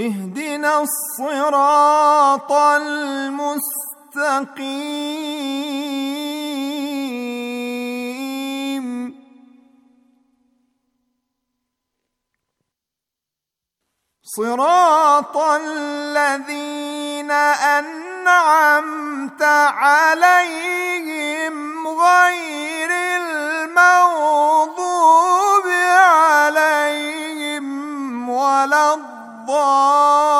اهدنا الصراط المستقيم صراط الذين انعمت عليهم غير أضاعوا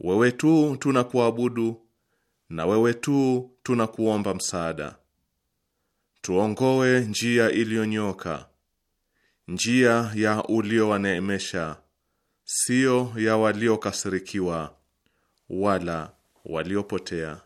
wewe tu tunakuabudu na wewe tu tunakuomba msaada. Tuongoe njia iliyonyoka, njia ya uliowaneemesha, siyo ya waliokasirikiwa wala waliopotea.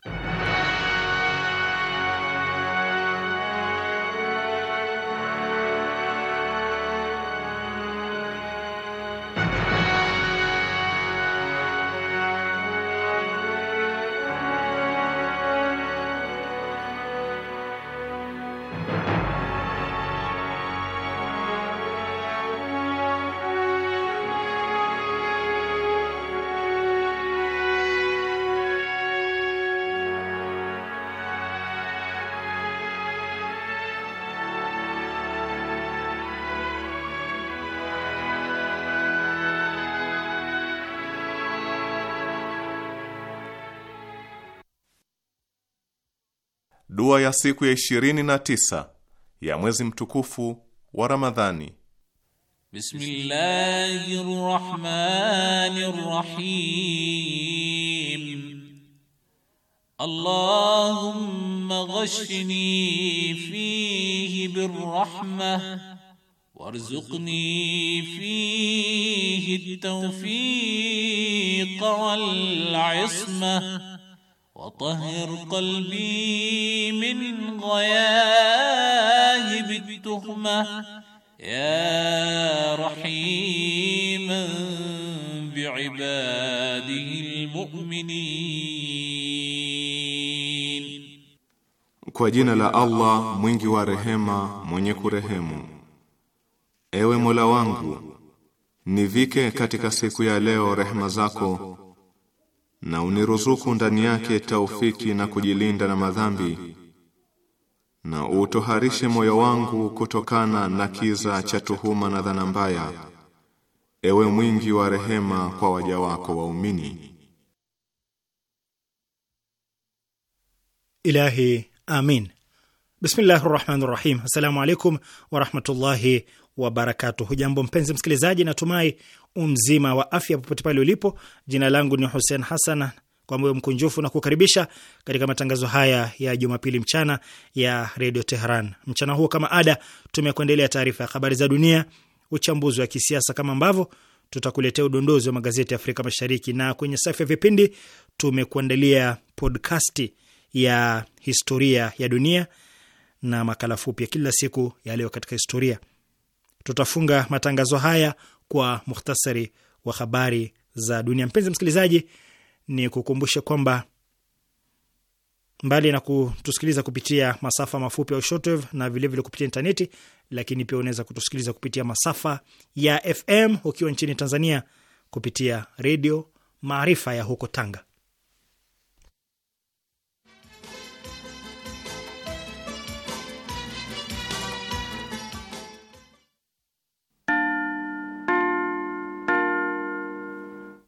siku ya ishirini na tisa ya mwezi mtukufu wa Ramadhani. Bismillahir Rahmanir Rahim. Allahumma ghashni fihi birrahma warzuqni fihi at-tawfiq wal 'ismah وطهر قلبي من غياهب التهمة يا رحيما بعباده المؤمنين Kwa jina la Allah mwingi wa rehema mwenye kurehemu Ewe Mola wangu nivike katika siku ya leo rehema zako na uniruzuku ndani yake taufiki na kujilinda na madhambi na utoharishe moyo wangu kutokana na kiza cha tuhuma na dhana mbaya ewe mwingi wa rehema kwa waja wako waumini ilahi amin Bismillahi rahmanir rahim assalamu alaikum warahmatullahi rahmatullahi hujambo mpenzi msikilizaji natumai umzima wa afya popote pale ulipo. Jina langu ni Hussein Hassan, kwa moyo mkunjufu na kukaribisha katika matangazo haya ya Jumapili mchana ya Redio Teheran. Mchana huo kama ada, tumekuendelea taarifa ya habari za dunia, uchambuzi wa kisiasa, kama ambavyo tutakuletea udondozi wa magazeti ya Afrika Mashariki, na kwenye safu ya vipindi tumekuandalia podkasti ya historia ya dunia na makala fupi ya kila siku ya leo katika historia. Tutafunga matangazo haya kwa muhtasari wa habari za dunia. Mpenzi msikilizaji, ni kukumbushe kwamba mbali na kutusikiliza kupitia masafa mafupi au shortwave na vilevile vile kupitia intaneti, lakini pia unaweza kutusikiliza kupitia masafa ya FM ukiwa nchini Tanzania kupitia Redio Maarifa ya huko Tanga.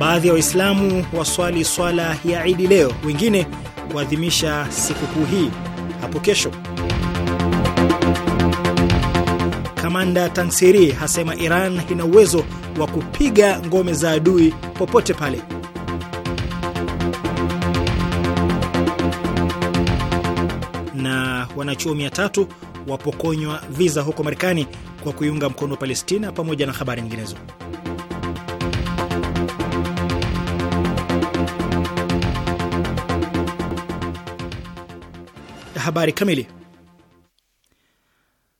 Baadhi ya Waislamu waswali swala ya Idi leo, wengine kuadhimisha sikukuu hii hapo kesho. Kamanda tansiri hasema Iran ina uwezo wa kupiga ngome za adui popote pale. Na wanachuo mia tatu wapokonywa viza huko Marekani kwa kuiunga mkono Palestina, pamoja na habari nyinginezo. Habari kamili.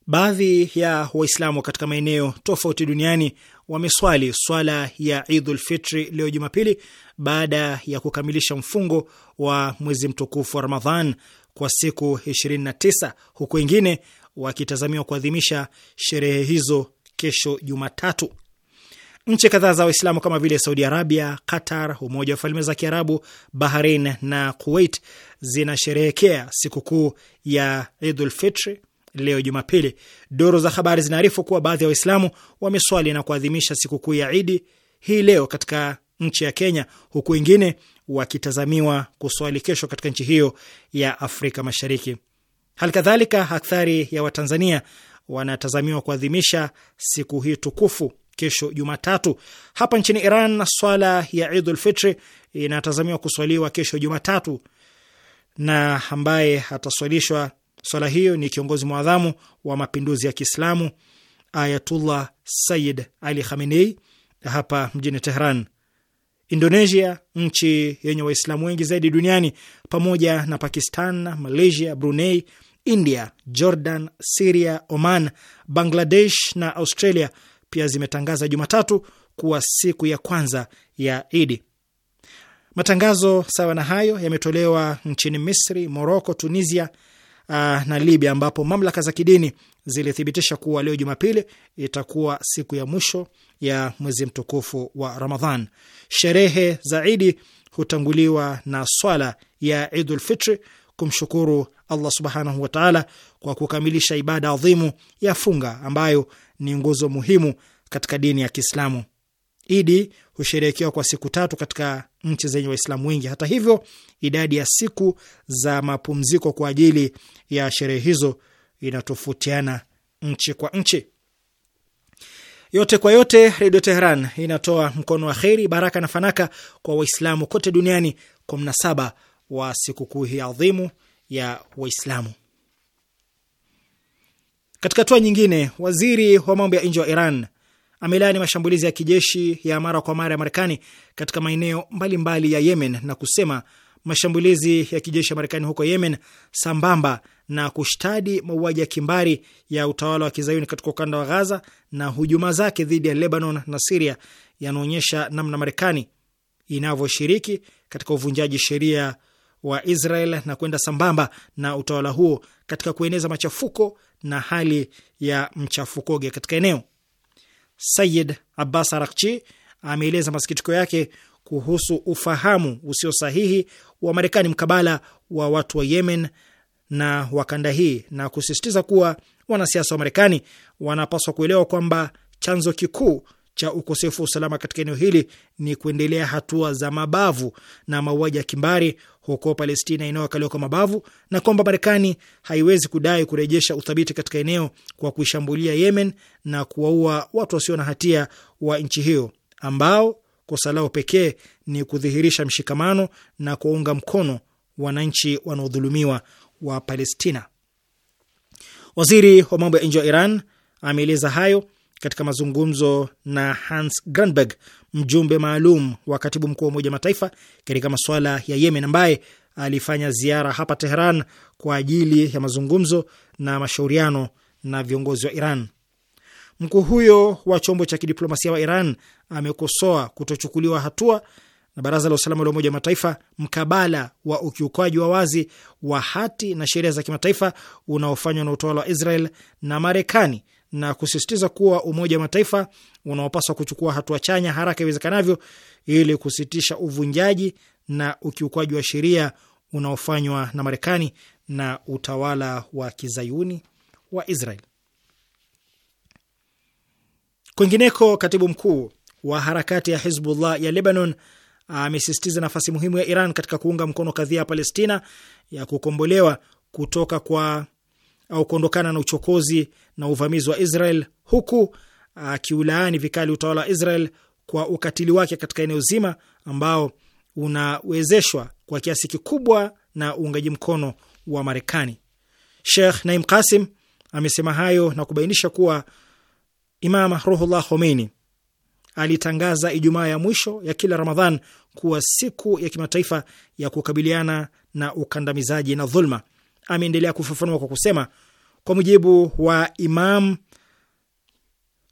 Baadhi ya Waislamu katika maeneo tofauti duniani wameswali swala ya Idhul leo Jumapili, baada ya kukamilisha mfungo wa mwezi mtukufu wa Ramadhan kwa siku 29 huku wengine wakitazamiwa kuadhimisha sherehe hizo kesho Jumatatu. Nchi kadhaa za Waislamu kama vile Saudi Arabia, Qatar, Umoja wa Falme za Kiarabu, Bahrain na Kuwait zinasherehekea sikukuu ya Idul Fitri leo Jumapili. Duru za habari zinaarifu kuwa baadhi ya Waislamu wameswali na kuadhimisha sikukuu ya Idi hii leo katika nchi ya Kenya, huku wengine wakitazamiwa kuswali kesho katika nchi hiyo ya Afrika Mashariki. Hali kadhalika, akthari ya Watanzania wanatazamiwa kuadhimisha siku hii tukufu kesho Jumatatu. Hapa nchini Iran, swala ya Idul Fitri inatazamiwa kuswaliwa kesho Jumatatu na ambaye ataswalishwa swala hiyo ni kiongozi mwadhamu wa mapinduzi ya Kiislamu Ayatullah Sayyid Ali Khamenei hapa mjini Tehran. Indonesia, nchi yenye Waislamu wengi zaidi duniani, pamoja na Pakistan, Malaysia, Brunei, India, Jordan, Siria, Oman, Bangladesh na Australia pia zimetangaza Jumatatu kuwa siku ya kwanza ya Idi. Matangazo sawa na hayo yametolewa nchini Misri, Moroko, Tunisia ah, na Libya, ambapo mamlaka za kidini zilithibitisha kuwa leo Jumapili itakuwa siku ya mwisho ya mwezi mtukufu wa Ramadhan. Sherehe za Idi hutanguliwa na swala ya Idul Fitri kumshukuru Allah subhanahu wa taala kwa kukamilisha ibada adhimu ya funga ambayo ni nguzo muhimu katika dini ya Kiislamu. Idi husherehekewa kwa siku tatu katika nchi zenye Waislamu wengi. Hata hivyo, idadi ya siku za mapumziko kwa ajili ya sherehe hizo inatofautiana nchi kwa nchi. Yote kwa yote, Redio Teheran inatoa mkono wa kheri, baraka na fanaka kwa Waislamu kote duniani kwa mnasaba wa sikukuu hii adhimu ya Waislamu. Katika hatua nyingine, waziri wa mambo ya nje wa Iran amelaani mashambulizi ya kijeshi ya mara kwa mara ya Marekani katika maeneo mbalimbali ya Yemen na kusema mashambulizi ya kijeshi ya Marekani huko Yemen sambamba na kushtadi mauaji ya kimbari ya utawala wa kizayuni katika ukanda wa Ghaza na hujuma zake dhidi ya Lebanon na Siria yanaonyesha namna Marekani inavyoshiriki katika uvunjaji sheria wa Israel na kwenda sambamba na utawala huo katika kueneza machafuko na hali ya mchafukoge katika eneo. Sayid Abbas Arakchi ameeleza masikitiko yake kuhusu ufahamu usio sahihi wa Marekani mkabala wa watu wa Yemen na wakanda hii na kusisitiza kuwa wanasiasa wa Marekani wanapaswa kuelewa kwamba chanzo kikuu cha ukosefu wa usalama katika eneo hili ni kuendelea hatua za mabavu na mauaji ya kimbari huko Palestina inayokaliwa kwa mabavu na kwamba Marekani haiwezi kudai kurejesha uthabiti katika eneo kwa kuishambulia Yemen na kuwaua watu wasio na hatia wa nchi hiyo ambao kosa lao pekee ni kudhihirisha mshikamano na kuwaunga mkono wananchi wanaodhulumiwa wa Palestina. Waziri wa mambo ya nje wa Iran ameeleza hayo katika mazungumzo na Hans Grundberg, mjumbe maalum wa katibu mkuu wa Umoja Mataifa katika masuala ya Yemen ambaye alifanya ziara hapa Tehran kwa ajili ya mazungumzo na mashauriano na viongozi wa Iran. Mkuu huyo wa chombo cha kidiplomasia wa Iran amekosoa kutochukuliwa hatua na Baraza la Usalama la Umoja wa Mataifa mkabala wa ukiukaji wa wazi wa hati na sheria za kimataifa unaofanywa na utawala wa Israel na Marekani na kusisitiza kuwa Umoja wa Mataifa unaopaswa kuchukua hatua chanya haraka iwezekanavyo ili kusitisha uvunjaji na ukiukwaji wa sheria unaofanywa na Marekani na utawala wa kizayuni wa Israel. Kwingineko, katibu mkuu wa harakati ya Hizbullah ya Lebanon amesisitiza nafasi muhimu ya Iran katika kuunga mkono kadhia ya Palestina ya kukombolewa kutoka kwa au kuondokana na uchokozi na uvamizi wa Israel, huku akiulaani vikali utawala wa Israel kwa ukatili wake katika eneo zima ambao unawezeshwa kwa kiasi kikubwa na uungaji mkono wa Marekani. Sheikh Naim Kasim amesema hayo na kubainisha kuwa Imam Ruhullah Khomeini alitangaza Ijumaa ya mwisho ya kila Ramadhan kuwa siku ya kimataifa ya kukabiliana na ukandamizaji na dhulma ameendelea kufafanua kwa kusema, kwa mujibu wa Imam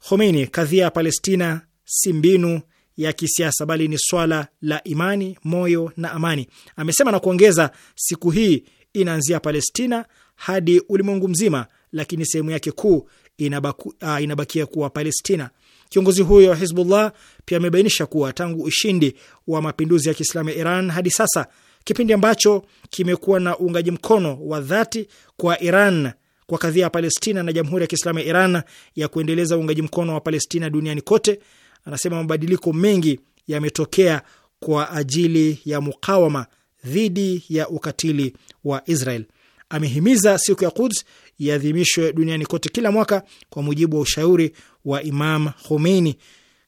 Khomeini, kadhia ya Palestina si mbinu ya kisiasa bali ni swala la imani, moyo na amani, amesema na kuongeza, siku hii inaanzia Palestina hadi ulimwengu mzima, lakini sehemu yake kuu inabakia ah, inabakia kuwa Palestina. Kiongozi huyo wa Hizbullah pia amebainisha kuwa tangu ushindi wa mapinduzi ya Kiislamu ya Iran hadi sasa kipindi ambacho kimekuwa na uungaji mkono wa dhati kwa Iran kwa kadhia ya Palestina na Jamhuri ya Kiislamu ya Iran ya kuendeleza uungaji mkono wa Palestina duniani kote. Anasema mabadiliko mengi yametokea kwa ajili ya mukawama dhidi ya ukatili wa Israel. Amehimiza siku ya Quds iadhimishwe duniani kote kila mwaka kwa mujibu wa ushauri wa Imam Khomeini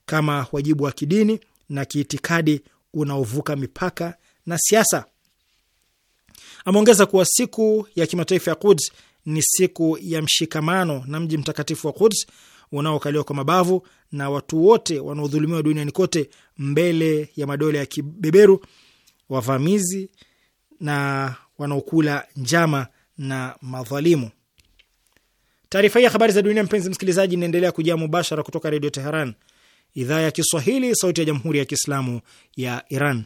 kama wajibu wa kidini na kiitikadi unaovuka mipaka na siasa. Ameongeza kuwa siku ya kimataifa ya Quds ni siku ya mshikamano na mji mtakatifu wa Quds unaokaliwa kwa mabavu na watu wote wanaodhulumiwa duniani kote mbele ya madola ya kibeberu, wavamizi na wanaokula njama na madhalimu. Taarifa hii ya habari za dunia, mpenzi msikilizaji, inaendelea kujia mubashara kutoka Redio Teheran, idhaa ya Kiswahili, sauti ya jamhuri ya kiislamu ya Iran.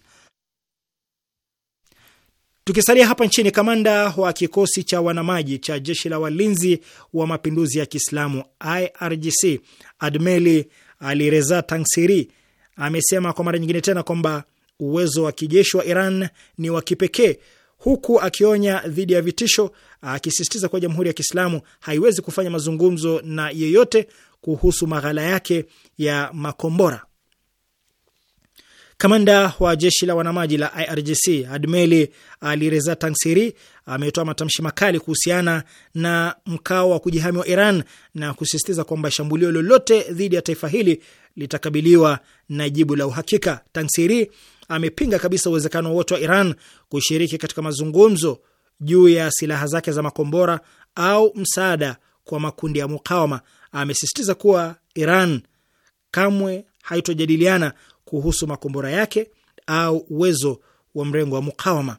Tukisalia hapa nchini, kamanda wa kikosi cha wanamaji cha jeshi la walinzi wa mapinduzi ya Kiislamu IRGC Admeli Alireza Tangsiri amesema kwa mara nyingine tena kwamba uwezo wa kijeshi wa Iran ni wa kipekee, huku akionya dhidi ya vitisho, akisisitiza kuwa jamhuri ya Kiislamu haiwezi kufanya mazungumzo na yeyote kuhusu maghala yake ya makombora. Kamanda wa jeshi la wanamaji la IRGC Admeli Alireza Tansiri ametoa matamshi makali kuhusiana na mkao wa kujihami wa Iran na kusisitiza kwamba shambulio lolote dhidi ya taifa hili litakabiliwa na jibu la uhakika. tansiri amepinga kabisa uwezekano wote wa Iran kushiriki katika mazungumzo juu ya silaha zake za makombora au msaada kwa makundi ya mukawama. Amesisitiza kuwa Iran kamwe haitojadiliana kuhusu makombora yake au uwezo wa mrengo wa mukawama.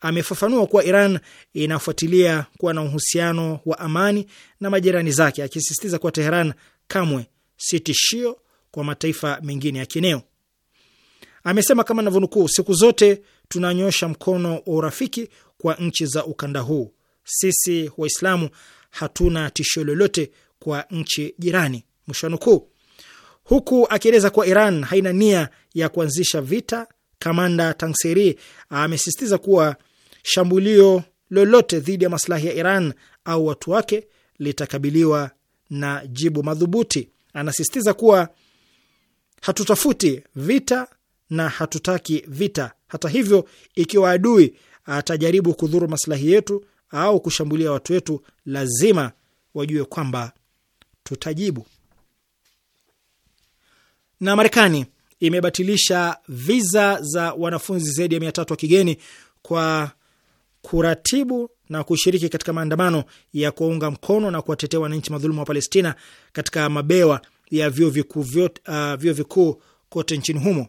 Amefafanua kuwa Iran inafuatilia kuwa na uhusiano wa amani na majirani zake, akisisitiza kuwa Teheran kamwe si tishio kwa mataifa mengine ya kieneo. Amesema kama navyonukuu, siku zote tunanyosha mkono wa urafiki kwa nchi za ukanda huu. Sisi Waislamu hatuna tishio lolote kwa nchi jirani, mwisho wa nukuu huku akieleza kuwa Iran haina nia ya kuanzisha vita. Kamanda tanseri amesisitiza kuwa shambulio lolote dhidi ya maslahi ya Iran au watu wake litakabiliwa na jibu madhubuti. Anasisitiza kuwa hatutafuti vita na hatutaki vita. Hata hivyo, ikiwa adui atajaribu kudhuru maslahi yetu au kushambulia watu wetu, lazima wajue kwamba tutajibu. Na Marekani imebatilisha viza za wanafunzi zaidi ya mia tatu wa kigeni kwa kuratibu na kushiriki katika maandamano ya kuunga mkono na kuwatetea wananchi madhuluma wa Palestina katika mabewa ya vyuo vikuu uh, vyuo vikuu kote nchini humo.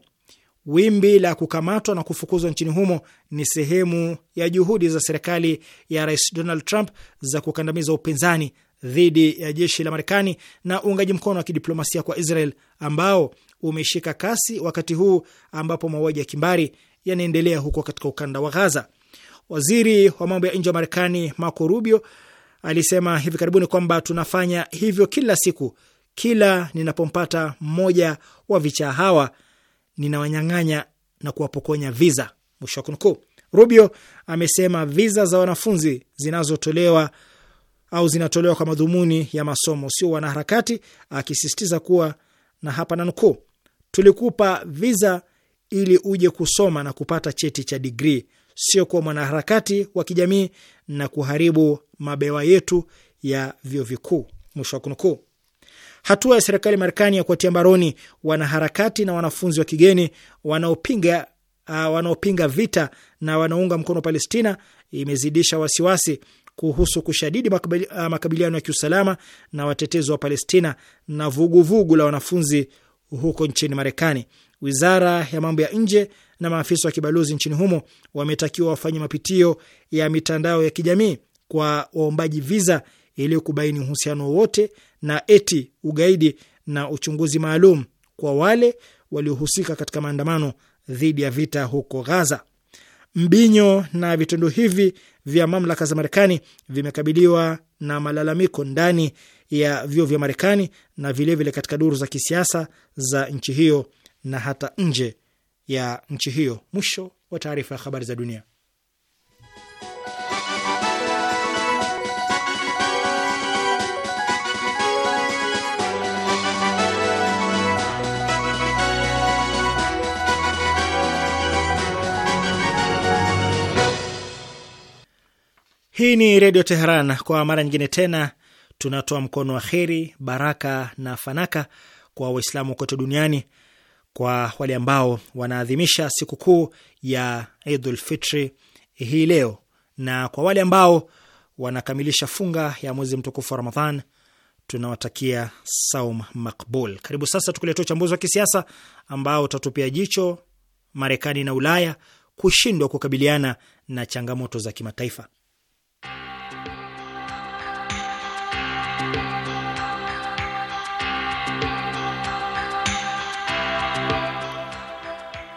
Wimbi la kukamatwa na kufukuzwa nchini humo ni sehemu ya juhudi za serikali ya Rais Donald Trump za kukandamiza upinzani dhidi ya jeshi la Marekani na uungaji mkono wa kidiplomasia kwa Israel ambao umeshika kasi wakati huu ambapo mauaji ya kimbari yanaendelea huko katika ukanda wa Gaza. Waziri wa mambo ya nje wa Marekani Marco Rubio alisema hivi karibuni kwamba tunafanya hivyo kila siku, kila ninapompata mmoja wa vichaa hawa ninawanyang'anya na kuwapokonya viza, mwisho wa kunukuu. Rubio amesema viza za wanafunzi zinazotolewa au zinatolewa kwa madhumuni ya masomo, sio wanaharakati, akisisitiza kuwa na hapa nanukuu, tulikupa visa ili uje kusoma na kupata cheti cha digrii, sio kuwa mwanaharakati wa kijamii na kuharibu mabewa yetu ya vyuo vikuu, mwisho wa kunukuu. Hatua ya serikali Marekani ya kuwatia mbaroni wanaharakati na wanafunzi wa kigeni wanaopinga uh, wanaopinga vita na wanaunga mkono Palestina imezidisha wasiwasi kuhusu kushadidi uh, makabiliano ya kiusalama na watetezi wa Palestina na vuguvugu vugu la wanafunzi huko nchini Marekani. Wizara ya mambo ya nje na maafisa wa kibalozi nchini humo wametakiwa wafanye mapitio ya mitandao ya kijamii kwa waombaji viza ili kubaini uhusiano wowote na eti ugaidi na uchunguzi maalum kwa wale waliohusika katika maandamano dhidi ya vita huko Gaza. Mbinyo na vitendo hivi vya mamlaka za Marekani vimekabiliwa na malalamiko ndani ya vyuo vya Marekani na vilevile vile katika duru za kisiasa za nchi hiyo na hata nje ya nchi hiyo. Mwisho wa taarifa ya habari za dunia. Hii ni Redio Teheran. Kwa mara nyingine tena tunatoa mkono wa kheri, baraka na fanaka kwa Waislamu kote duniani, kwa wale ambao wanaadhimisha sikukuu ya Idul Fitri hii leo na kwa wale ambao wanakamilisha funga ya mwezi mtukufu wa Ramadhan tunawatakia saum makbul. Karibu sasa tukuletea uchambuzi wa kisiasa ambao utatupia jicho Marekani na Ulaya kushindwa kukabiliana na changamoto za kimataifa.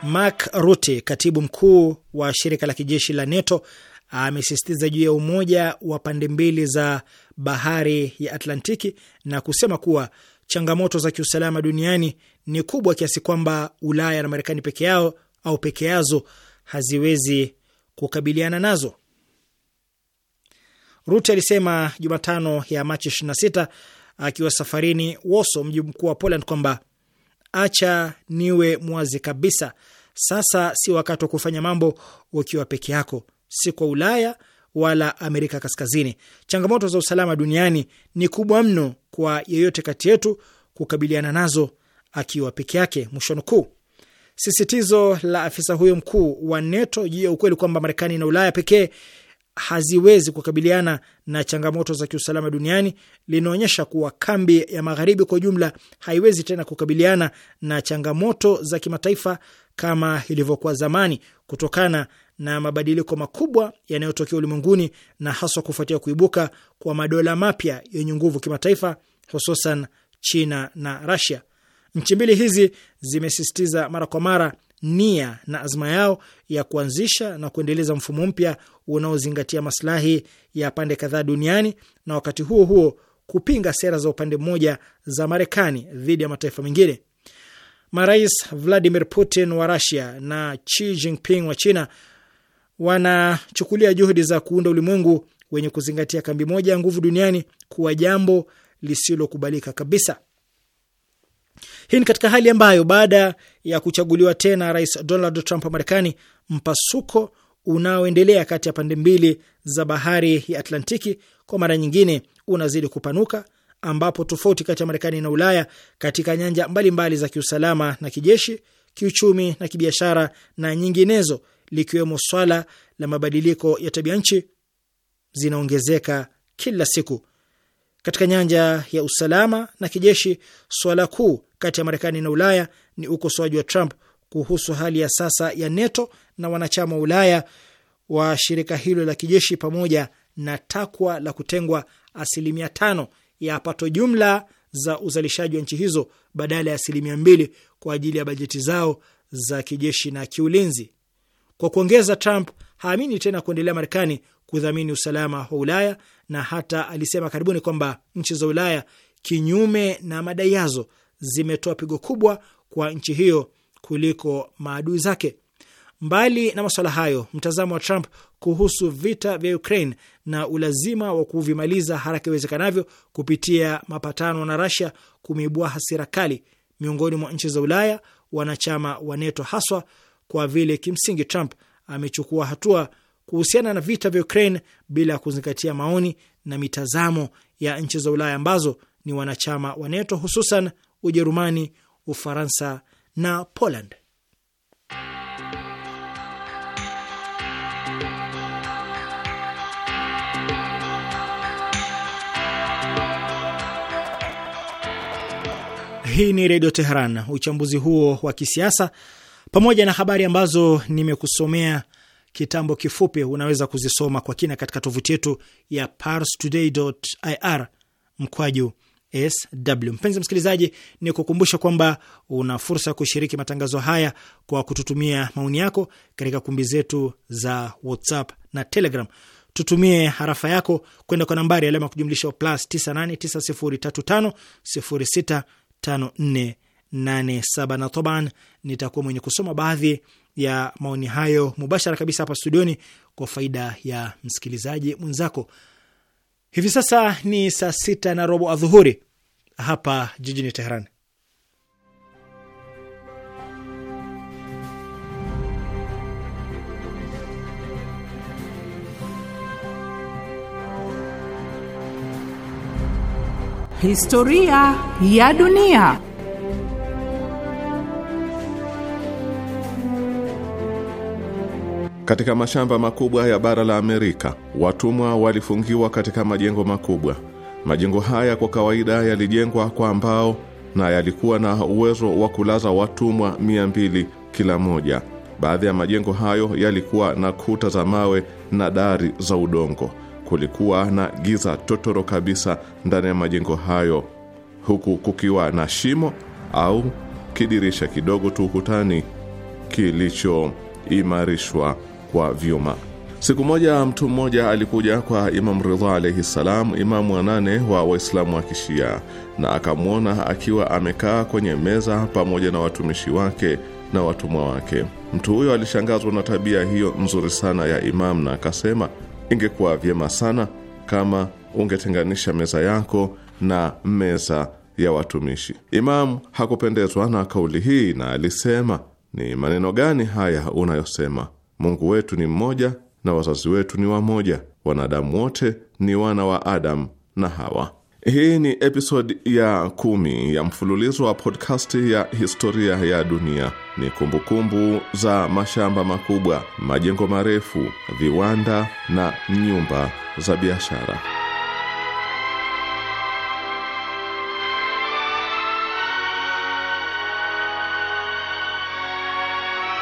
Mark Rutte, katibu mkuu wa shirika la kijeshi la NATO, amesisitiza juu ya umoja wa pande mbili za bahari ya Atlantiki na kusema kuwa changamoto za kiusalama duniani ni kubwa kiasi kwamba Ulaya na Marekani peke yao au peke yazo haziwezi kukabiliana nazo. Rutte alisema Jumatano ya Machi 26 akiwa safarini Woso, mji mkuu wa Poland, kwamba acha niwe mwazi kabisa, sasa si wakati wa kufanya mambo ukiwa peke yako, si kwa Ulaya wala Amerika Kaskazini. Changamoto za usalama duniani ni kubwa mno kwa yeyote kati yetu kukabiliana nazo akiwa peke yake, mwisho nukuu. Sisitizo la afisa huyo mkuu wa NATO juu ya ukweli kwamba Marekani na Ulaya pekee haziwezi kukabiliana na changamoto za kiusalama duniani linaonyesha kuwa kambi ya magharibi kwa jumla haiwezi tena kukabiliana na changamoto za kimataifa kama ilivyokuwa zamani kutokana na mabadiliko makubwa yanayotokea ulimwenguni na haswa kufuatia kuibuka kwa madola mapya yenye nguvu kimataifa, hususan China na Rasia. Nchi mbili hizi zimesisitiza mara kwa mara nia na azma yao ya kuanzisha na kuendeleza mfumo mpya unaozingatia maslahi ya pande kadhaa duniani na wakati huo huo kupinga sera za upande mmoja za Marekani dhidi ya mataifa mengine. Marais Vladimir Putin wa Russia na Xi Jinping wa China wanachukulia juhudi za kuunda ulimwengu wenye kuzingatia kambi moja ya nguvu duniani kuwa jambo lisilokubalika kabisa. Hii ni katika hali ambayo baada ya kuchaguliwa tena Rais Donald Trump wa Marekani, mpasuko unaoendelea kati ya pande mbili za bahari ya Atlantiki kwa mara nyingine unazidi kupanuka ambapo tofauti kati ya Marekani na Ulaya katika nyanja mbalimbali mbali za kiusalama na kijeshi, kiuchumi na kibiashara na nyinginezo, likiwemo swala la mabadiliko ya tabia nchi zinaongezeka kila siku. Katika nyanja ya usalama na kijeshi, swala kuu kati ya Marekani na Ulaya ni ukosoaji wa Trump kuhusu hali ya sasa ya NATO na wanachama wa Ulaya wa shirika hilo la kijeshi pamoja na takwa la kutengwa asilimia tano ya pato jumla za uzalishaji wa nchi hizo badala ya asilimia mbili kwa ajili ya bajeti zao za kijeshi na kiulinzi. Kwa kuongeza, Trump haamini tena kuendelea Marekani kudhamini usalama wa Ulaya na hata alisema karibuni kwamba nchi za Ulaya, kinyume na madai yazo, zimetoa pigo kubwa kwa nchi hiyo kuliko maadui zake. Mbali na masuala hayo, mtazamo wa Trump kuhusu vita vya Ukraine na ulazima wa kuvimaliza haraka iwezekanavyo kupitia mapatano na Russia kumeibua hasira kali miongoni mwa nchi za Ulaya wanachama wa NATO, haswa kwa vile kimsingi Trump amechukua hatua kuhusiana na vita vya Ukraine bila ya kuzingatia maoni na mitazamo ya nchi za Ulaya ambazo ni wanachama wa NATO, hususan Ujerumani, Ufaransa na Poland. Hii ni Redio Teheran. Uchambuzi huo wa kisiasa pamoja na habari ambazo nimekusomea kitambo kifupi, unaweza kuzisoma kwa kina katika tovuti yetu ya parstoday.ir mkwaju sw. Mpenzi msikilizaji, ni kukumbusha kwamba una fursa ya kushiriki matangazo haya kwa kututumia maoni yako katika kumbi zetu za WhatsApp na Telegram. Tutumie harafa yako kwenda kwa nambari alama ya kujumlisha plus 9890350654 5487 na toban, nitakuwa mwenye kusoma baadhi ya maoni hayo mubashara kabisa hapa studioni kwa faida ya msikilizaji mwenzako. Hivi sasa ni saa sita na robo adhuhuri hapa jijini Teheran. Historia ya dunia. Katika mashamba makubwa ya bara la Amerika, watumwa walifungiwa katika majengo makubwa. Majengo haya kwa kawaida yalijengwa kwa mbao na yalikuwa na uwezo wa kulaza watumwa mia mbili kila moja. Baadhi ya majengo hayo yalikuwa na kuta za mawe na dari za udongo kulikuwa na giza totoro kabisa ndani ya majengo hayo, huku kukiwa na shimo au kidirisha kidogo tu ukutani kilichoimarishwa kwa vyuma. Siku moja mtu mmoja alikuja kwa Imamu Ridha alaihi salam, imamu wa nane wa Waislamu wa Kishia, na akamwona akiwa amekaa kwenye meza pamoja na watumishi wake na watumwa wake. Mtu huyo alishangazwa na tabia hiyo nzuri sana ya Imamu na akasema Ingekuwa vyema sana kama ungetenganisha meza yako na meza ya watumishi. Imamu hakupendezwa na kauli hii na alisema, ni maneno gani haya unayosema? Mungu wetu ni mmoja na wazazi wetu ni wamoja, wanadamu wote ni wana wa Adamu na Hawa. Hii ni episodi ya kumi ya mfululizo wa podkasti ya historia ya dunia. Ni kumbukumbu kumbu za mashamba makubwa, majengo marefu, viwanda na nyumba za biashara.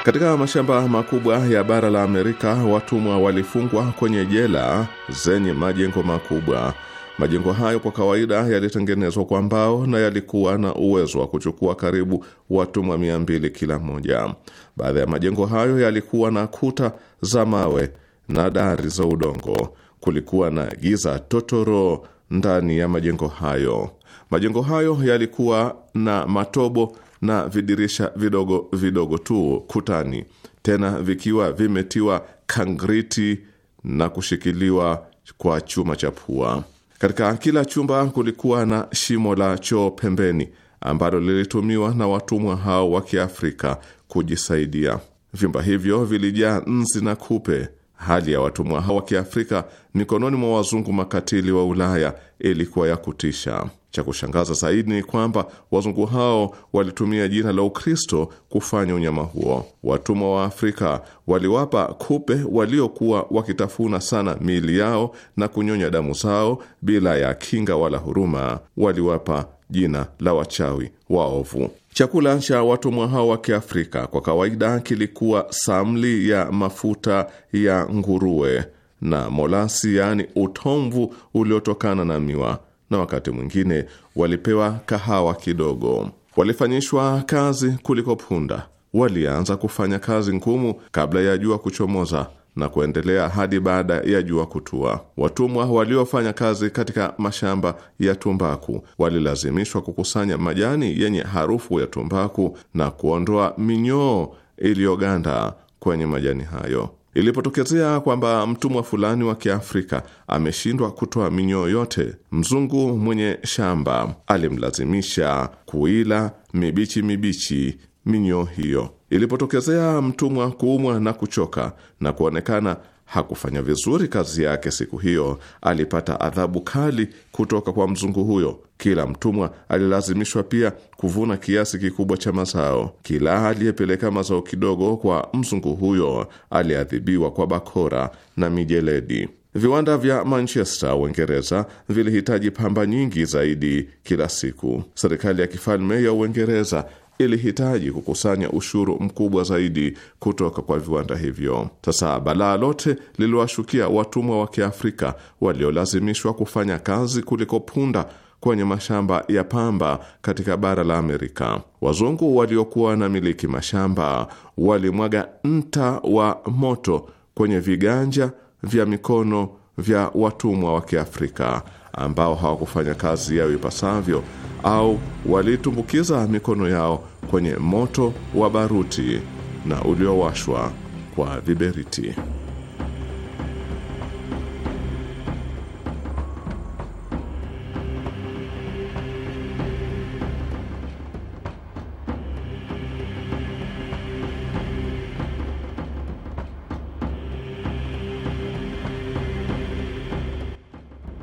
Katika mashamba makubwa ya bara la Amerika, watumwa walifungwa kwenye jela zenye majengo makubwa Majengo hayo kwa kawaida yalitengenezwa kwa mbao na yalikuwa na uwezo wa kuchukua karibu watumwa mia mbili kila moja. Baadhi ya majengo hayo yalikuwa na kuta za mawe na dari za udongo. Kulikuwa na giza totoro ndani ya majengo hayo. Majengo hayo yalikuwa na matobo na vidirisha vidogo vidogo tu kutani, tena vikiwa vimetiwa kangriti na kushikiliwa kwa chuma cha pua. Katika kila chumba kulikuwa na shimo la choo pembeni ambalo lilitumiwa na watumwa hao wa Kiafrika kujisaidia. Vyumba hivyo vilijaa nzi na kupe Hali ya watumwa hao wa Kiafrika mikononi mwa wazungu makatili wa Ulaya ilikuwa ya kutisha. Cha kushangaza zaidi ni kwamba wazungu hao walitumia jina la Ukristo kufanya unyama huo. Watumwa wa Afrika waliwapa kupe waliokuwa wakitafuna sana miili yao na kunyonya damu zao bila ya kinga wala huruma, waliwapa jina la wachawi waovu. Chakula cha watumwa hao wa Kiafrika kwa kawaida kilikuwa samli ya mafuta ya nguruwe na molasi, yaani utomvu uliotokana na miwa, na wakati mwingine walipewa kahawa kidogo. Walifanyishwa kazi kuliko punda. Walianza kufanya kazi ngumu kabla ya jua kuchomoza na kuendelea hadi baada ya jua kutua. Watumwa waliofanya kazi katika mashamba ya tumbaku walilazimishwa kukusanya majani yenye harufu ya tumbaku na kuondoa minyoo iliyoganda kwenye majani hayo. Ilipotokezea kwamba mtumwa fulani wa Kiafrika ameshindwa kutoa minyoo yote, mzungu mwenye shamba alimlazimisha kuila mibichi mibichi minyoo hiyo. Ilipotokezea mtumwa kuumwa na kuchoka na kuonekana hakufanya vizuri kazi yake siku hiyo, alipata adhabu kali kutoka kwa mzungu huyo. Kila mtumwa alilazimishwa pia kuvuna kiasi kikubwa cha mazao. Kila aliyepeleka mazao kidogo kwa mzungu huyo aliadhibiwa kwa bakora na mijeledi. Viwanda vya Manchester, Uingereza, vilihitaji pamba nyingi zaidi kila siku. Serikali ya kifalme ya Uingereza ilihitaji kukusanya ushuru mkubwa zaidi kutoka kwa viwanda hivyo. Sasa balaa lote liliwashukia watumwa wa Kiafrika waliolazimishwa kufanya kazi kuliko punda kwenye mashamba ya pamba katika bara la Amerika. Wazungu waliokuwa na miliki mashamba walimwaga nta wa moto kwenye viganja vya mikono vya watumwa wa Kiafrika ambao hawakufanya kazi yao ipasavyo au waliitumbukiza mikono yao kwenye moto wa baruti na uliowashwa kwa viberiti.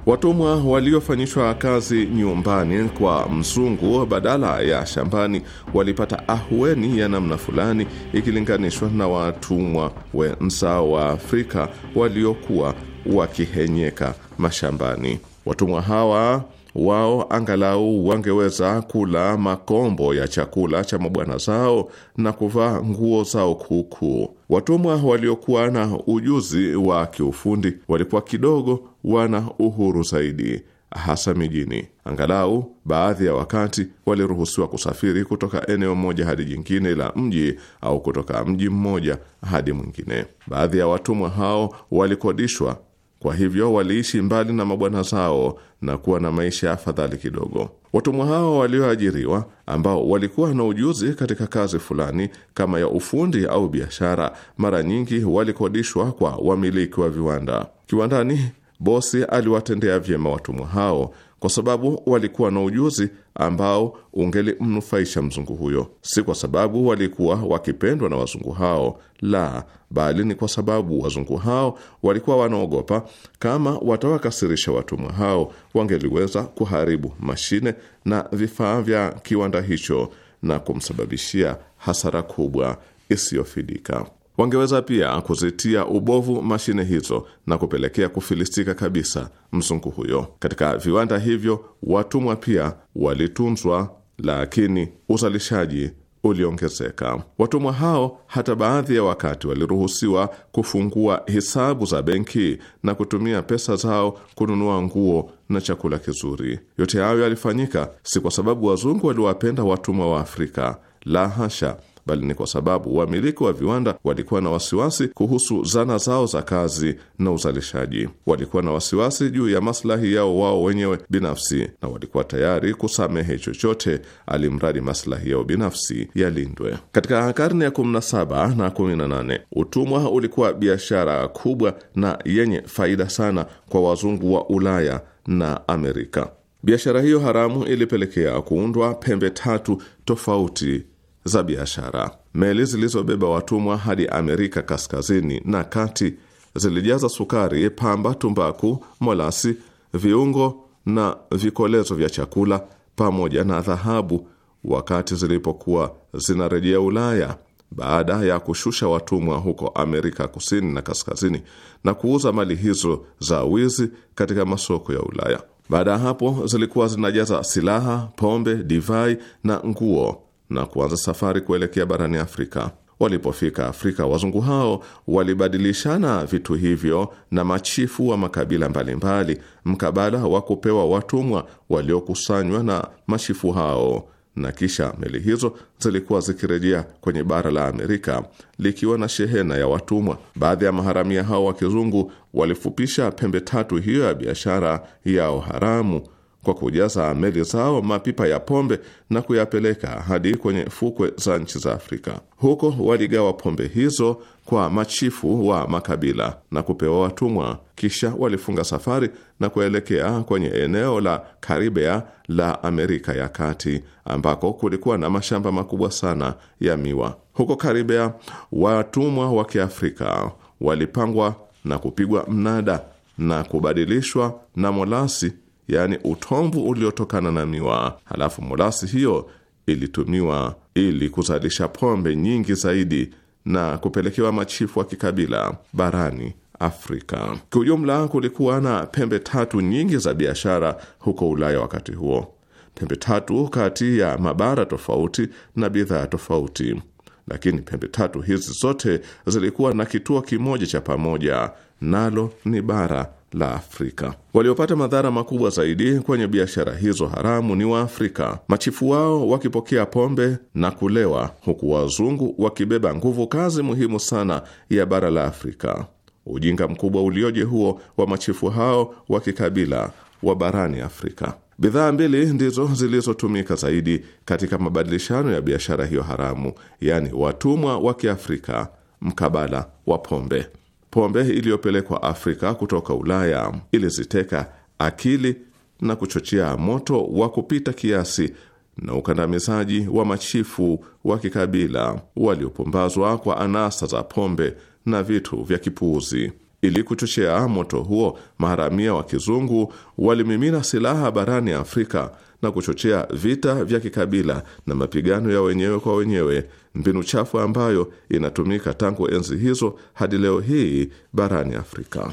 Watumwa waliofanyishwa kazi nyumbani kwa mzungu badala ya shambani walipata ahueni ya namna fulani ikilinganishwa na watumwa wenzao wa Afrika waliokuwa wakihenyeka mashambani. Watumwa hawa wao angalau wangeweza kula makombo ya chakula cha mabwana zao na kuvaa nguo zao kuukuu. Watumwa waliokuwa na ujuzi wa kiufundi walikuwa kidogo wana uhuru zaidi, hasa mijini. Angalau baadhi ya wakati waliruhusiwa kusafiri kutoka eneo moja hadi jingine la mji au kutoka mji mmoja hadi mwingine. Baadhi ya watumwa hao walikodishwa kwa hivyo waliishi mbali na mabwana zao na kuwa na maisha ya afadhali kidogo. Watumwa hao walioajiriwa, ambao walikuwa na ujuzi katika kazi fulani kama ya ufundi au biashara, mara nyingi walikodishwa kwa wamiliki wa viwanda. Kiwandani, bosi aliwatendea vyema watumwa hao kwa sababu walikuwa na ujuzi ambao ungelimnufaisha mzungu huyo, si kwa sababu walikuwa wakipendwa na wazungu hao, la, bali ni kwa sababu wazungu hao walikuwa wanaogopa kama watawakasirisha watumwa hao, wangeliweza kuharibu mashine na vifaa vya kiwanda hicho na kumsababishia hasara kubwa isiyofidika. Wangeweza pia kuzitia ubovu mashine hizo na kupelekea kufilisika kabisa mzungu huyo. Katika viwanda hivyo watumwa pia walitunzwa, lakini uzalishaji uliongezeka. Watumwa hao hata baadhi ya wakati waliruhusiwa kufungua hisabu za benki na kutumia pesa zao kununua nguo na chakula kizuri. Yote hayo yalifanyika si kwa sababu wazungu waliwapenda watumwa wa Afrika, la hasha bali ni kwa sababu wamiliki wa viwanda walikuwa na wasiwasi kuhusu zana zao za kazi na uzalishaji. Walikuwa na wasiwasi juu ya maslahi yao wao wenyewe binafsi, na walikuwa tayari kusamehe chochote, alimradi maslahi yao binafsi yalindwe. Katika karne ya 17 na 18, utumwa ulikuwa biashara kubwa na yenye faida sana kwa wazungu wa Ulaya na Amerika. Biashara hiyo haramu ilipelekea kuundwa pembe tatu tofauti za biashara. Meli zilizobeba watumwa hadi Amerika kaskazini na kati zilijaza sukari, pamba, tumbaku, molasi, viungo na vikolezo vya chakula pamoja na dhahabu, wakati zilipokuwa zinarejea Ulaya baada ya kushusha watumwa huko Amerika kusini na kaskazini na kuuza mali hizo za wizi katika masoko ya Ulaya. Baada ya hapo zilikuwa zinajaza silaha, pombe, divai na nguo na kuanza safari kuelekea barani Afrika. Walipofika Afrika, wazungu hao walibadilishana vitu hivyo na machifu wa makabila mbalimbali, mkabala wa kupewa watumwa waliokusanywa na machifu hao, na kisha meli hizo zilikuwa zikirejea kwenye bara la Amerika likiwa na shehena ya watumwa. Baadhi ya maharamia hao wa kizungu walifupisha pembe tatu hiyo ya biashara yao haramu kwa kujaza meli zao mapipa ya pombe na kuyapeleka hadi kwenye fukwe za nchi za Afrika. Huko waligawa pombe hizo kwa machifu wa makabila na kupewa watumwa, kisha walifunga safari na kuelekea kwenye eneo la Karibea la Amerika ya Kati, ambako kulikuwa na mashamba makubwa sana ya miwa. Huko Karibea, watumwa wa Kiafrika walipangwa na kupigwa mnada na kubadilishwa na molasi yaani utomvu uliotokana na miwa. Halafu molasi hiyo ilitumiwa ili kuzalisha pombe nyingi zaidi na kupelekewa machifu wa kikabila barani Afrika. Kiujumla, kulikuwa na pembe tatu nyingi za biashara huko Ulaya wakati huo, pembe tatu kati ya mabara tofauti na bidhaa tofauti, lakini pembe tatu hizi zote zilikuwa na kituo kimoja cha pamoja, nalo ni bara la Afrika. Waliopata madhara makubwa zaidi kwenye biashara hizo haramu ni Waafrika, machifu wao wakipokea pombe na kulewa, huku wazungu wakibeba nguvu kazi muhimu sana ya bara la Afrika. Ujinga mkubwa ulioje huo wa machifu hao wa kikabila wa barani Afrika. Bidhaa mbili ndizo zilizotumika zaidi katika mabadilishano ya biashara hiyo haramu, yaani watumwa wa Kiafrika mkabala wa pombe. Pombe iliyopelekwa Afrika kutoka Ulaya iliziteka akili na kuchochea moto wa kupita kiasi na ukandamizaji wa machifu wa kikabila waliopombazwa kwa anasa za pombe na vitu vya kipuuzi. Ili kuchochea moto huo, maharamia wa kizungu walimimina silaha barani Afrika na kuchochea vita vya kikabila na mapigano ya wenyewe kwa wenyewe, mbinu chafu ambayo inatumika tangu enzi hizo hadi leo hii barani Afrika.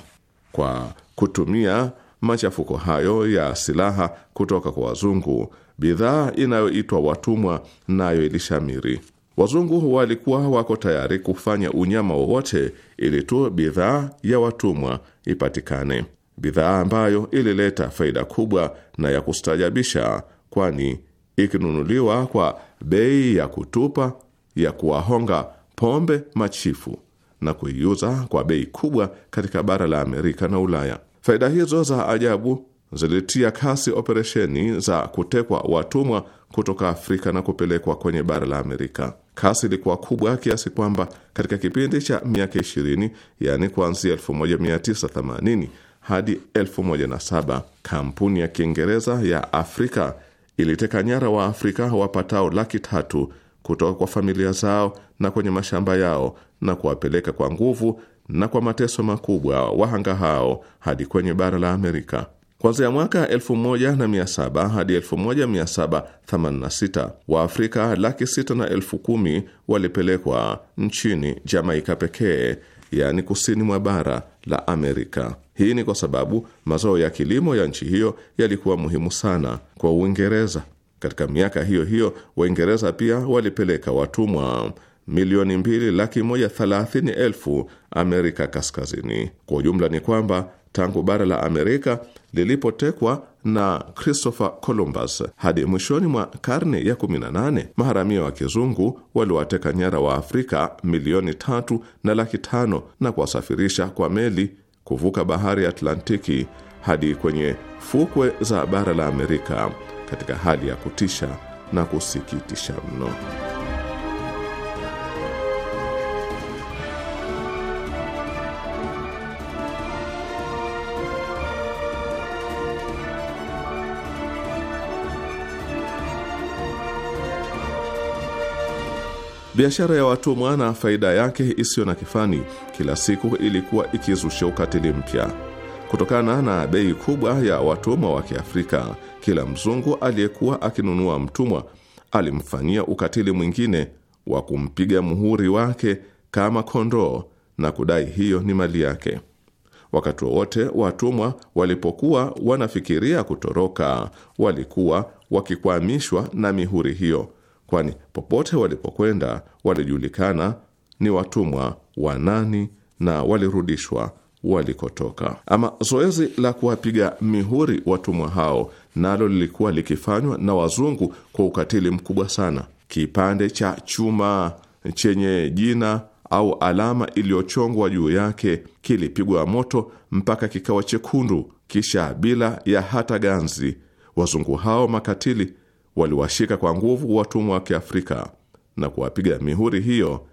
Kwa kutumia machafuko hayo ya silaha kutoka kwa wazungu, bidhaa inayoitwa watumwa nayo ilishamiri. Wazungu walikuwa wako tayari kufanya unyama wowote ili tu bidhaa ya watumwa ipatikane bidhaa ambayo ilileta faida kubwa na ya kustajabisha kwani ikinunuliwa kwa bei ya kutupa ya kuwahonga pombe machifu na kuiuza kwa bei kubwa katika bara la Amerika na Ulaya. Faida hizo za ajabu zilitia kasi operesheni za kutekwa watumwa kutoka Afrika na kupelekwa kwenye bara la Amerika. Kasi ilikuwa kubwa kiasi kwamba katika kipindi cha miaka 20 yaani kuanzia 1980 hadi 1007. Kampuni ya Kiingereza ya Afrika iliteka nyara wa Afrika wapatao laki tatu kutoka kwa familia zao na kwenye mashamba yao na kuwapeleka kwa nguvu na kwa mateso makubwa wahanga hao hadi kwenye bara la Amerika. Kwanzia mwaka 1700 hadi 1786 Waafrika laki sita na elfu kumi walipelekwa nchini Jamaika pekee yaani kusini mwa bara la Amerika. Hii ni kwa sababu mazao ya kilimo ya nchi hiyo yalikuwa muhimu sana kwa Uingereza. Katika miaka hiyo hiyo, Waingereza pia walipeleka watumwa milioni mbili laki moja thelathini elfu Amerika Kaskazini. Kwa ujumla ni kwamba tangu bara la Amerika lilipotekwa na Christopher Columbus. Hadi mwishoni mwa karne ya 18 maharamia wa kizungu waliwateka nyara wa Afrika milioni tatu na laki tano na kuwasafirisha kwa meli kuvuka bahari ya Atlantiki hadi kwenye fukwe za bara la Amerika katika hali ya kutisha na kusikitisha mno. Biashara ya watumwa na faida yake isiyo na kifani kila siku ilikuwa ikizusha ukatili mpya. Kutokana na bei kubwa ya watumwa wa Kiafrika, kila mzungu aliyekuwa akinunua mtumwa alimfanyia ukatili mwingine wa kumpiga muhuri wake kama kondoo na kudai hiyo ni mali yake. Wakati wowote watumwa walipokuwa wanafikiria kutoroka, walikuwa wakikwamishwa na mihuri hiyo kwani popote walipokwenda walijulikana ni watumwa wa nani na walirudishwa walikotoka. Ama zoezi la kuwapiga mihuri watumwa hao nalo lilikuwa likifanywa na wazungu kwa ukatili mkubwa sana. Kipande cha chuma chenye jina au alama iliyochongwa juu yake kilipigwa moto mpaka kikawa chekundu, kisha bila ya hata ganzi wazungu hao makatili waliwashika kwa nguvu watumwa wa Kiafrika na kuwapiga mihuri hiyo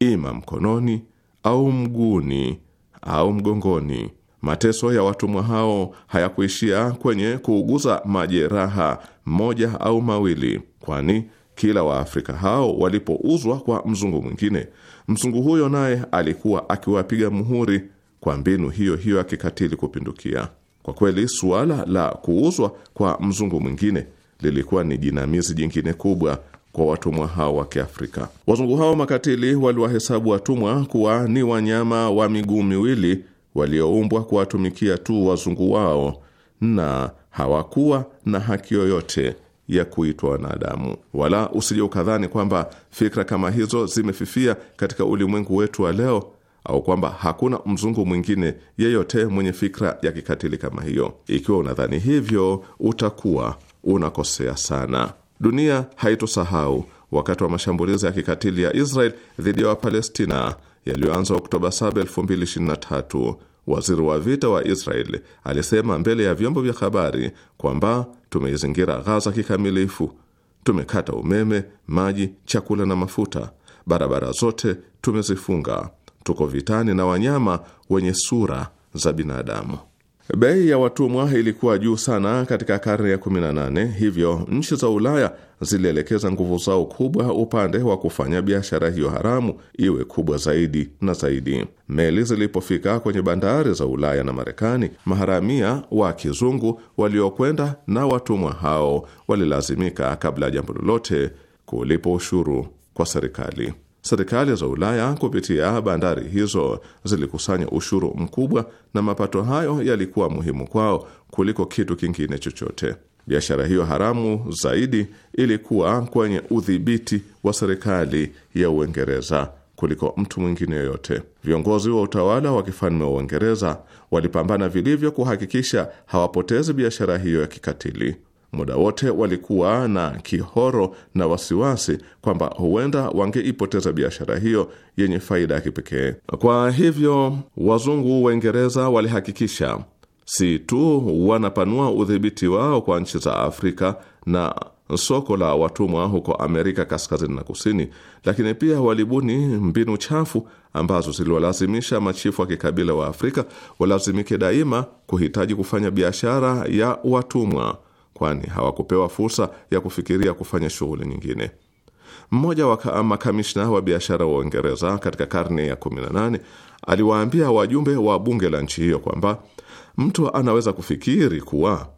ima mkononi au mguuni au mgongoni. Mateso ya watumwa hao hayakuishia kwenye kuuguza majeraha moja au mawili, kwani kila Waafrika hao walipouzwa kwa mzungu mwingine, mzungu huyo naye alikuwa akiwapiga muhuri kwa mbinu hiyo hiyo ya kikatili kupindukia. Kwa kweli, suala la kuuzwa kwa mzungu mwingine lilikuwa ni jinamizi jingine kubwa kwa watumwa hao wa Kiafrika. Wazungu hao makatili waliwahesabu watumwa kuwa ni wanyama wa miguu miwili walioumbwa kuwatumikia tu wazungu wao na hawakuwa na haki yoyote ya kuitwa wanadamu. Wala usije ukadhani kwamba fikra kama hizo zimefifia katika ulimwengu wetu wa leo au kwamba hakuna mzungu mwingine yeyote mwenye fikra ya kikatili kama hiyo. Ikiwa unadhani hivyo, utakuwa unakosea sana. Dunia haitosahau wakati wa mashambulizi ya kikatili ya Israel dhidi ya Wapalestina yaliyoanza Oktoba 7, 2023. Waziri wa vita wa Israel alisema mbele ya vyombo vya habari kwamba tumeizingira Ghaza kikamilifu, tumekata umeme, maji, chakula na mafuta, barabara zote tumezifunga, tuko vitani na wanyama wenye sura za binadamu. Bei ya watumwa ilikuwa juu sana katika karne ya 18, hivyo nchi za Ulaya zilielekeza nguvu zao kubwa upande wa kufanya biashara hiyo haramu iwe kubwa zaidi na zaidi. Meli zilipofika kwenye bandari za Ulaya na Marekani, maharamia wa kizungu waliokwenda na watumwa hao walilazimika, kabla ya jambo lolote, kulipa ushuru kwa serikali. Serikali za Ulaya kupitia bandari hizo zilikusanya ushuru mkubwa, na mapato hayo yalikuwa muhimu kwao kuliko kitu kingine chochote. Biashara hiyo haramu zaidi ilikuwa kwenye udhibiti wa serikali ya Uingereza kuliko mtu mwingine yoyote. Viongozi wa utawala wa kifalme wa Uingereza walipambana vilivyo kuhakikisha hawapotezi biashara hiyo ya kikatili. Muda wote walikuwa na kihoro na wasiwasi kwamba huenda wangeipoteza biashara hiyo yenye faida ya kipekee. Kwa hivyo, wazungu Waingereza walihakikisha si tu wanapanua udhibiti wao kwa nchi za Afrika na soko la watumwa huko Amerika kaskazini na kusini, lakini pia walibuni mbinu chafu ambazo ziliwalazimisha machifu wa kikabila wa Afrika walazimike daima kuhitaji kufanya biashara ya watumwa kwani hawakupewa fursa ya kufikiria kufanya shughuli nyingine. Mmoja wa makamishna wa biashara wa Uingereza katika karne ya 18 aliwaambia wajumbe wa bunge la nchi hiyo kwamba mtu anaweza kufikiri kuwa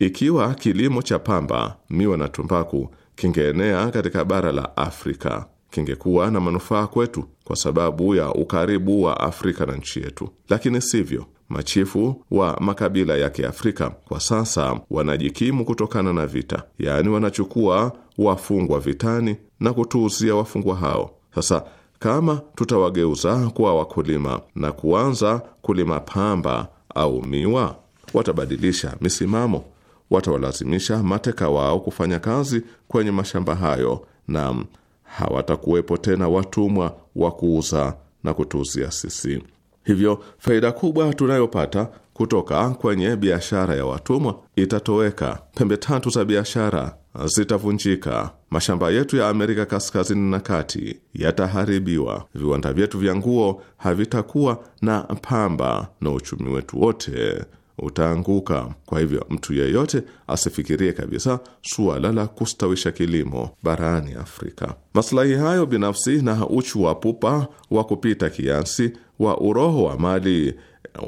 ikiwa kilimo cha pamba, miwa na tumbaku kingeenea katika bara la Afrika kingekuwa na manufaa kwetu kwa sababu ya ukaribu wa Afrika na nchi yetu, lakini sivyo machifu wa makabila ya Kiafrika kwa sasa wanajikimu kutokana na vita, yaani wanachukua wafungwa vitani na kutuuzia wafungwa hao. Sasa kama tutawageuza kuwa wakulima na kuanza kulima pamba au miwa, watabadilisha misimamo, watawalazimisha mateka wao kufanya kazi kwenye mashamba hayo na hawatakuwepo tena watumwa wa kuuza na kutuuzia sisi. Hivyo faida kubwa tunayopata kutoka kwenye biashara ya watumwa itatoweka, pembe tatu za biashara zitavunjika, mashamba yetu ya Amerika kaskazini na kati yataharibiwa, viwanda vyetu vya nguo havitakuwa na pamba, na uchumi wetu wote utaanguka. Kwa hivyo mtu yeyote asifikirie kabisa suala la kustawisha kilimo barani Afrika. Maslahi hayo binafsi na uchu wa pupa wa kupita kiasi wa uroho wa mali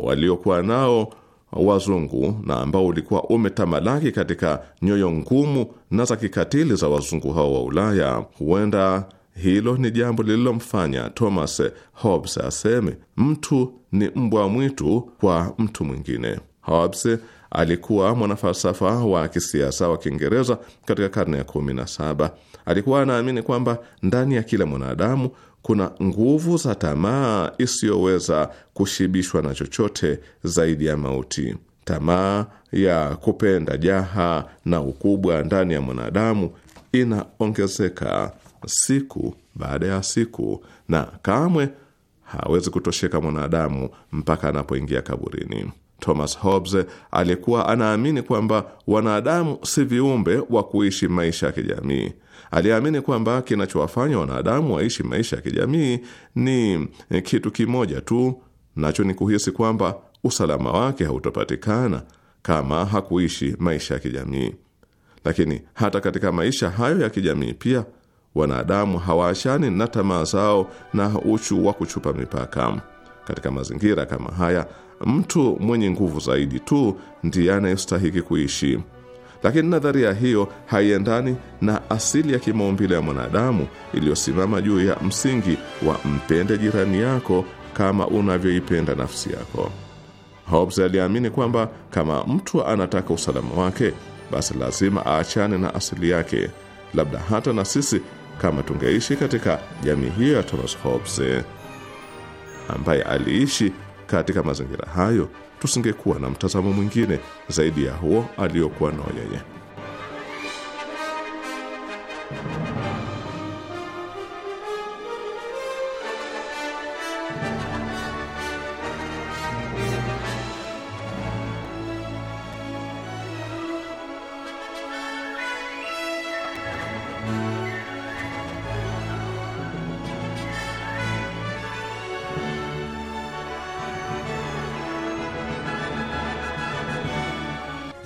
waliokuwa nao wazungu na ambao ulikuwa umetamalaki katika nyoyo ngumu na za kikatili za wazungu hao wa Ulaya, huenda hilo ni jambo lililomfanya Thomas Hobbes aseme mtu ni mbwa mwitu kwa mtu mwingine. Hobbes alikuwa mwanafalsafa wa kisiasa wa Kiingereza katika karne ya kumi na saba. Alikuwa anaamini kwamba ndani ya kila mwanadamu kuna nguvu za tamaa isiyoweza kushibishwa na chochote zaidi ya mauti. Tamaa ya kupenda jaha na ukubwa ndani ya mwanadamu inaongezeka siku baada ya siku, na kamwe hawezi kutosheka mwanadamu mpaka anapoingia kaburini. Thomas Hobbes alikuwa anaamini kwamba wanadamu si viumbe wa kuishi maisha ya kijamii. Aliamini kwamba kinachowafanya wanadamu waishi maisha ya kijamii ni kitu kimoja tu, nacho ni kuhisi kwamba usalama wake hautopatikana kama hakuishi maisha ya kijamii. Lakini hata katika maisha hayo ya kijamii pia wanadamu hawaachani na tamaa zao na uchu wa kuchupa mipaka. Katika mazingira kama haya mtu mwenye nguvu zaidi tu ndiye anayestahiki kuishi. Lakini nadharia hiyo haiendani na asili ya kimaumbile ya mwanadamu iliyosimama juu ya msingi wa mpende jirani yako kama unavyoipenda nafsi yako. Hobbes aliamini kwamba kama mtu anataka usalama wake, basi lazima aachane na asili yake. Labda hata na sisi kama tungeishi katika jamii hiyo ya Thomas Hobbes ambaye aliishi katika mazingira hayo, tusingekuwa na mtazamo mwingine zaidi ya huo aliyokuwa nao yeye.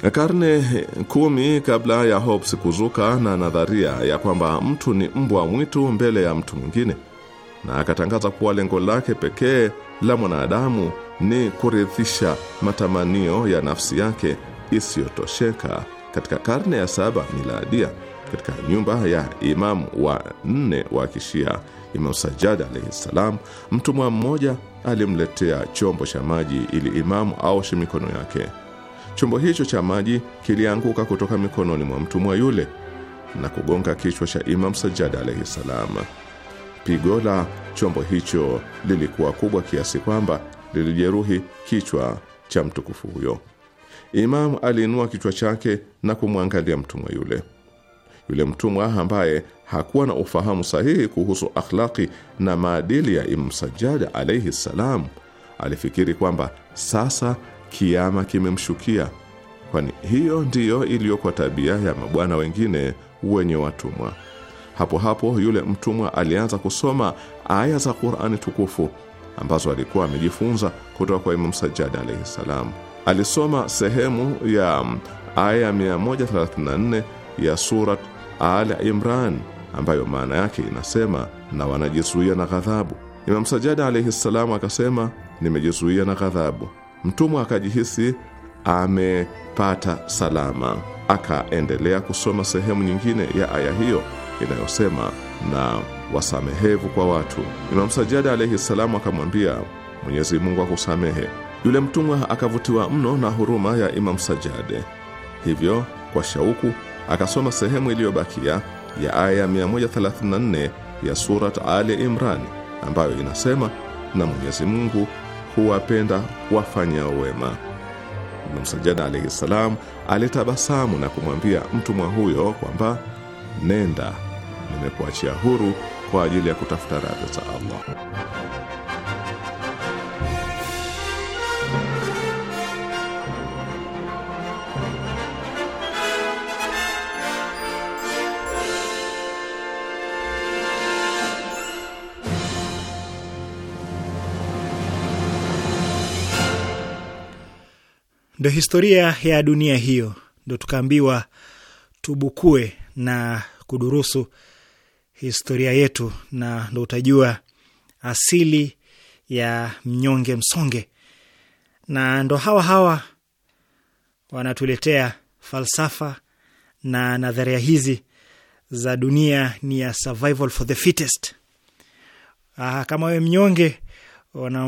E, karne kumi kabla ya Hobbes kuzuka na nadharia ya kwamba mtu ni mbwa mwitu mbele ya mtu mwingine, na akatangaza kuwa lengo lake pekee la mwanadamu ni kuridhisha matamanio ya nafsi yake isiyotosheka. Katika karne ya saba miladia, katika nyumba ya imamu wa nne wa Kishia, Imamu Sajjad alaihi ssalam, mtumwa mmoja alimletea chombo cha maji ili imamu aoshe mikono yake. Chombo hicho cha maji kilianguka kutoka mikononi mwa mtumwa yule na kugonga kichwa cha Imam Sajjad alayhi salam. Pigo la chombo hicho lilikuwa kubwa kiasi kwamba lilijeruhi kichwa cha mtukufu huyo. Imam aliinua kichwa chake na kumwangalia mtumwa yule. Yule mtumwa ambaye hakuwa na ufahamu sahihi kuhusu akhlaki na maadili ya Imam Sajjad alayhi salam alifikiri kwamba sasa kiama kimemshukia, kwani hiyo ndiyo iliyokuwa tabia ya mabwana wengine wenye watumwa. Hapo hapo yule mtumwa alianza kusoma aya za Qur'ani tukufu ambazo alikuwa amejifunza kutoka kwa Imam Sajjad alaihi salam. Alisoma sehemu ya mm, aya 134 ya Surat Al Imran ambayo maana yake inasema, na wanajizuia na ghadhabu. Imam Sajjad alaihi salam akasema, nimejizuia na ghadhabu. Mtumwa akajihisi amepata salama. Akaendelea kusoma sehemu nyingine ya aya hiyo inayosema, na wasamehevu kwa watu. Imam Sajjad alaihi salamu akamwambia, Mwenyezi Mungu akusamehe. Yule mtumwa akavutiwa mno na huruma ya Imam Sajjad, hivyo kwa shauku akasoma sehemu iliyobakia ya aya 134 ya Surat Ali Imran ambayo inasema, na Mwenyezi Mungu huwapenda wafanyao wema. Imam Sajjad alayhi salam alitabasamu na kumwambia mtumwa huyo kwamba nenda, nimekuachia huru kwa ajili ya kutafuta radhi za Allah. Ndio historia ya dunia hiyo, ndo tukaambiwa tubukue na kudurusu historia yetu, na ndo utajua asili ya mnyonge msonge, na ndo hawa hawa wanatuletea falsafa na nadharia hizi za dunia ni ya survival for the fittest. Aha, kama we mnyonge,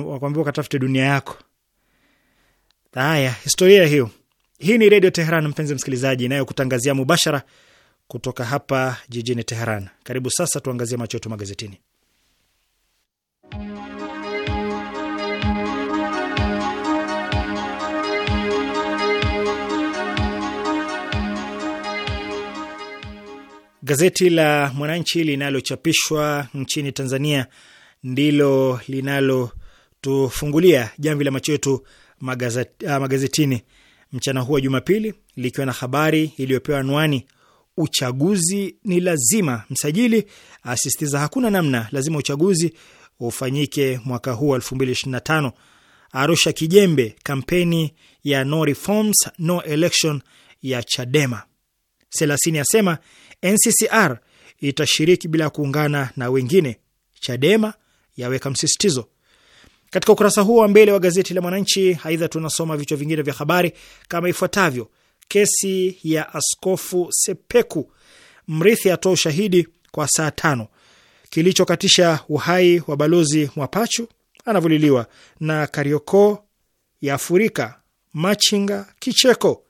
wakwambia ukatafute dunia yako Haya, historia hiyo. Hii ni Redio Teheran, mpenzi msikilizaji, inayokutangazia mubashara kutoka hapa jijini Teheran. Karibu sasa, tuangazie macho yetu magazetini. Gazeti la Mwananchi linalochapishwa nchini Tanzania ndilo linalotufungulia jamvi la macho yetu uh, magazetini mchana huu wa Jumapili likiwa na habari iliyopewa anwani uchaguzi ni lazima, msajili asisitiza hakuna namna, lazima uchaguzi ufanyike mwaka huu 2025. Arusha kijembe, kampeni ya no reforms no election ya Chadema. Selasini asema NCCR itashiriki bila kuungana na wengine. Chadema yaweka msisitizo. Katika ukurasa huo wa mbele wa gazeti la Mwananchi, aidha tunasoma vichwa vingine vya habari kama ifuatavyo: kesi ya Askofu Sepeku, mrithi atoa ushahidi kwa saa tano; kilichokatisha uhai wa balozi Mwapachu anavyoliliwa na Karioko yafurika machinga kicheko.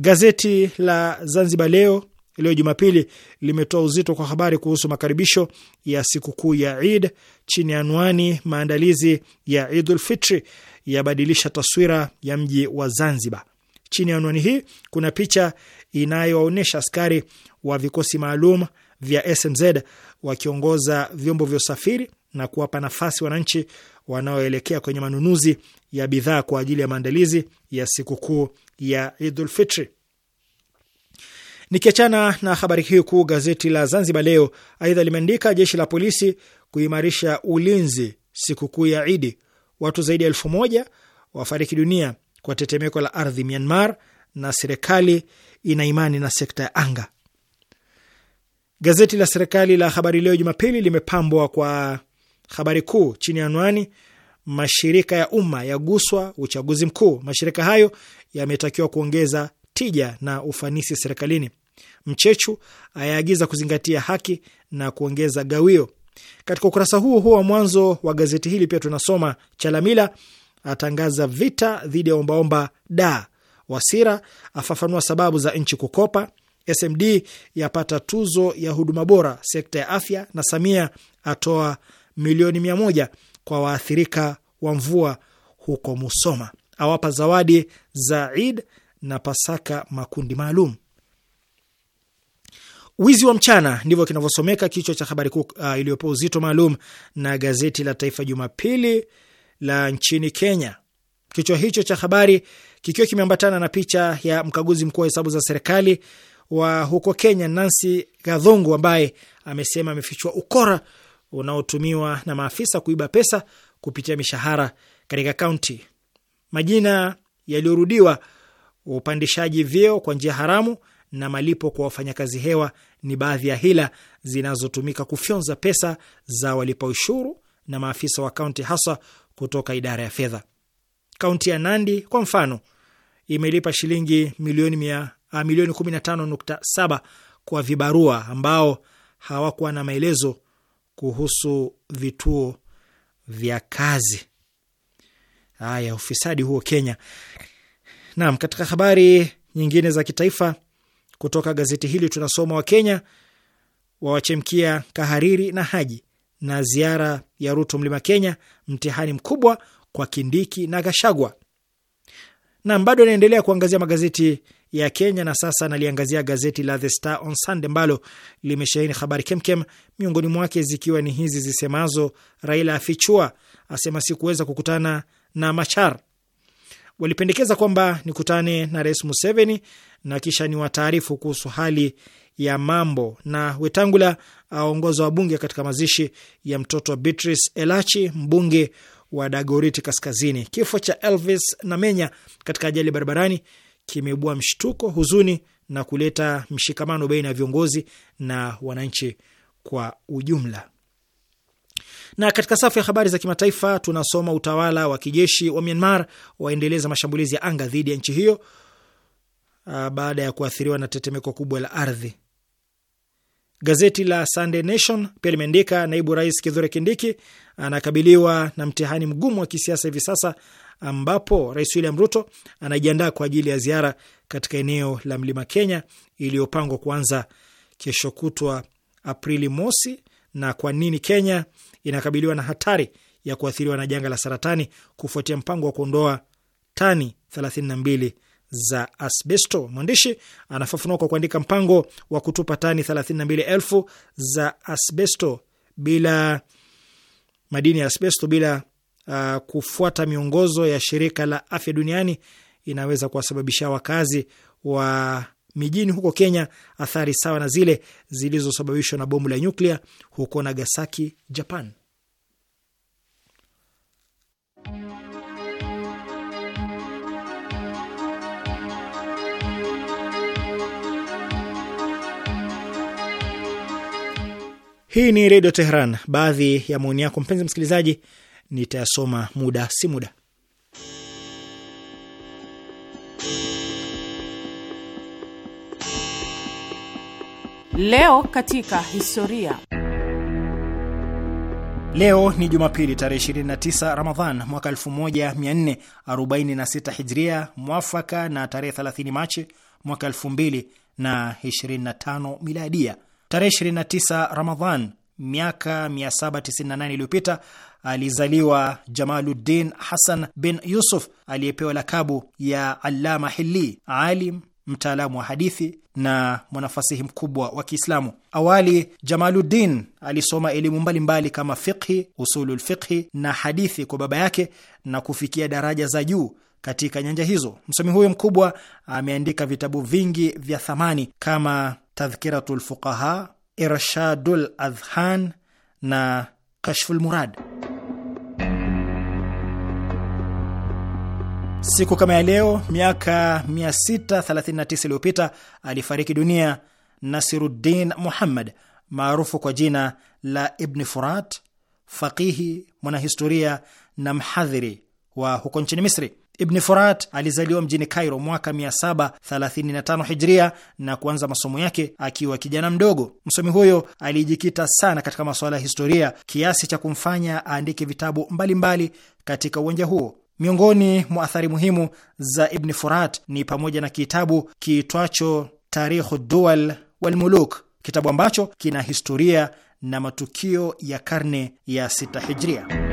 Gazeti la Zanzibar Leo leo Jumapili limetoa uzito kwa habari kuhusu makaribisho ya sikukuu ya id chini ya anwani maandalizi ya Idul Fitri yabadilisha taswira ya mji wa Zanzibar. Chini ya anwani hii kuna picha inayoonyesha askari wa vikosi maalum vya SMZ wakiongoza vyombo vya usafiri na kuwapa nafasi wananchi wanaoelekea kwenye manunuzi ya bidhaa kwa ajili ya maandalizi ya sikukuu ya Idul Fitri. Nikiachana na habari hii kuu, gazeti la Zanzibar Leo aidha limeandika jeshi la polisi kuimarisha ulinzi sikukuu ya Idi, watu zaidi ya elfu moja wafariki dunia kwa tetemeko la ardhi Myanmar, na serikali ina imani na sekta ya anga. Gazeti la serikali la Habari Leo Jumapili limepambwa kwa habari kuu chini ya anwani mashirika ya umma yaguswa uchaguzi mkuu. Mashirika hayo yametakiwa kuongeza tija na ufanisi serikalini. Mchechu ayaagiza kuzingatia haki na kuongeza gawio. Katika ukurasa huo huo wa mwanzo wa gazeti hili pia tunasoma Chalamila atangaza vita dhidi ya ombaomba da, Wasira afafanua sababu za nchi kukopa, SMD yapata tuzo ya huduma bora sekta ya afya, na Samia atoa milioni mia moja kwa waathirika wa mvua huko Musoma, awapa zawadi za id na Pasaka makundi maalum. Wizi wa mchana, ndivyo kinavyosomeka kichwa cha habari kuu uh, iliyopo uzito maalum na gazeti la Taifa Jumapili la nchini Kenya. Kichwa hicho cha habari kikiwa kimeambatana na picha ya mkaguzi mkuu wa hesabu za serikali wa huko Kenya, Nancy Gathungu, ambaye amesema amefichua ukora unaotumiwa na maafisa kuiba pesa kupitia mishahara katika kaunti. Majina yaliyorudiwa, upandishaji vyeo kwa njia haramu na malipo kwa wafanyakazi hewa ni baadhi ya hila zinazotumika kufyonza pesa za walipa ushuru na maafisa wa kaunti hasa kutoka idara ya fedha. Kaunti ya Nandi kwa mfano imelipa shilingi milioni mia, a, ah, milioni 15.7 kwa vibarua ambao hawakuwa na maelezo kuhusu vituo vya kazi. Haya, ufisadi huo Kenya. Naam, katika habari nyingine za kitaifa kutoka gazeti hili tunasoma Wakenya wawachemkia kahariri na Haji na ziara ya Ruto mlima Kenya, mtihani mkubwa kwa Kindiki na Gashagwa. Nam bado anaendelea kuangazia magazeti ya Kenya na sasa naliangazia gazeti la The Star on Sunday ambalo limesheheni habari kemkem, miongoni mwake zikiwa ni hizi zisemazo: Raila afichua asema sikuweza kukutana na Machar, walipendekeza kwamba nikutane na Rais Museveni na kisha ni wataarifu kuhusu hali ya mambo. Na Wetangula aongoza wabunge katika mazishi ya mtoto Beatrice Elachi, mbunge wa Dagoriti Kaskazini. Kifo cha Elvis Namenya katika ajali barabarani kimeibua mshtuko, huzuni na kuleta mshikamano baina ya viongozi na wananchi kwa ujumla. Na katika safu ya habari za kimataifa tunasoma utawala wa kijeshi wa Myanmar waendeleza mashambulizi ya anga dhidi ya nchi hiyo uh, baada ya kuathiriwa na tetemeko kubwa la ardhi. Gazeti la Sunday Nation pia limeandika naibu rais Kithure Kindiki anakabiliwa na mtihani mgumu wa kisiasa hivi sasa, ambapo rais William Ruto anajiandaa kwa ajili ya ziara katika eneo la mlima Kenya iliyopangwa kuanza kesho kutwa Aprili mosi. Na kwa nini Kenya inakabiliwa na hatari ya kuathiriwa na janga la saratani kufuatia mpango wa kuondoa tani 32 za asbesto. Mwandishi anafafanua kwa kuandika, mpango wa kutupa tani 32,000 za asbesto bila madini ya asbesto bila uh, kufuata miongozo ya shirika la afya duniani inaweza kuwasababisha wakazi wa mijini huko Kenya, athari sawa na zile zilizosababishwa na bomu la nyuklia huko Nagasaki, Japan. Hii ni Redio Teheran. Baadhi ya maoni yako mpenzi msikilizaji nitayasoma muda si muda. Leo katika historia. Leo ni Jumapili tarehe 29 Ramadhan mwaka 1446 Hijria, mwafaka na tarehe 30 Machi mwaka 2025 Miladia. Tarehe 29 Ramadhan miaka 798 iliyopita alizaliwa Jamaluddin Hassan bin Yusuf aliyepewa lakabu ya Allama Hilli, alim mtaalamu wa hadithi, na mwanafasihi mkubwa wa Kiislamu. Awali Jamaluddin alisoma elimu mbalimbali kama fiqhi, usulul fiqhi na hadithi kwa baba yake na kufikia daraja za juu katika nyanja hizo. Msomi huyo mkubwa ameandika vitabu vingi vya thamani kama Tadhkiratul Fuqaha, Irshadul Adhhan na Kashful Murad. Siku kama ya leo miaka 639 iliyopita alifariki dunia Nasiruddin Muhammad maarufu kwa jina la Ibni Furat, faqihi, mwanahistoria na mhadhiri wa huko nchini Misri. Ibni Furat alizaliwa mjini Cairo mwaka 735 hijria na kuanza masomo yake akiwa kijana mdogo. Msomi huyo alijikita sana katika masuala ya historia kiasi cha kumfanya aandike vitabu mbalimbali mbali katika uwanja huo. Miongoni mwa athari muhimu za Ibni Furat ni pamoja na kitabu kiitwacho Tarikhu Dual Walmuluk, kitabu ambacho kina historia na matukio ya karne ya sita hijria.